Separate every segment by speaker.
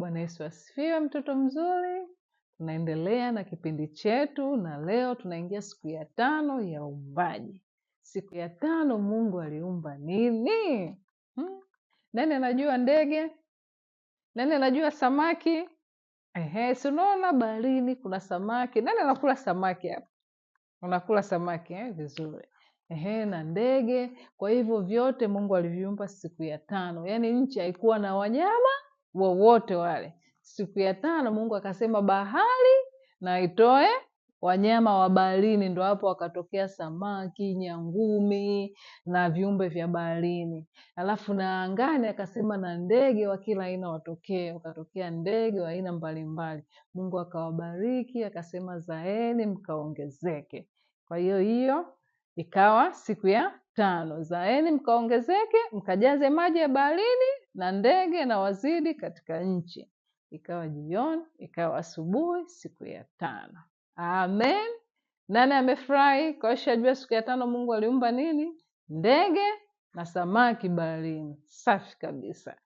Speaker 1: Bwana Yesu asifiwe, mtoto mzuri. Tunaendelea na kipindi chetu, na leo tunaingia siku ya tano ya uumbaji. Siku ya tano, Mungu aliumba nini? Hmm? Nani anajua ndege? Nani anajua samaki? Ehe, si unaona baharini kuna samaki. Nani anakula samaki hapa? Unakula samaki eh? Vizuri. Ehe, na ndege. Kwa hivyo vyote Mungu aliviumba siku ya tano, yaani nchi haikuwa na wanyama wowote wale. Siku ya tano Mungu akasema bahari na itoe wanyama wa baharini, ndo hapo wakatokea samaki, nyangumi na viumbe vya baharini. Alafu na angani akasema na ndege wa kila aina watokee, wakatokea ndege wa aina mbalimbali. Mungu akawabariki, akasema zaeni mkaongezeke. Kwa hiyo hiyo ikawa siku ya tano, zaeni mkaongezeke, mkajaze maji ya baharini na ndege na wazidi katika nchi. Ikawa jioni, ikawa asubuhi, siku ya tano. Amen. Nani amefurahi? Kwa hiyo shajua siku ya tano Mungu aliumba nini? Ndege na samaki baharini. Safi kabisa.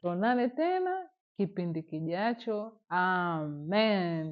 Speaker 1: Tuonane tena kipindi kijacho. Amen.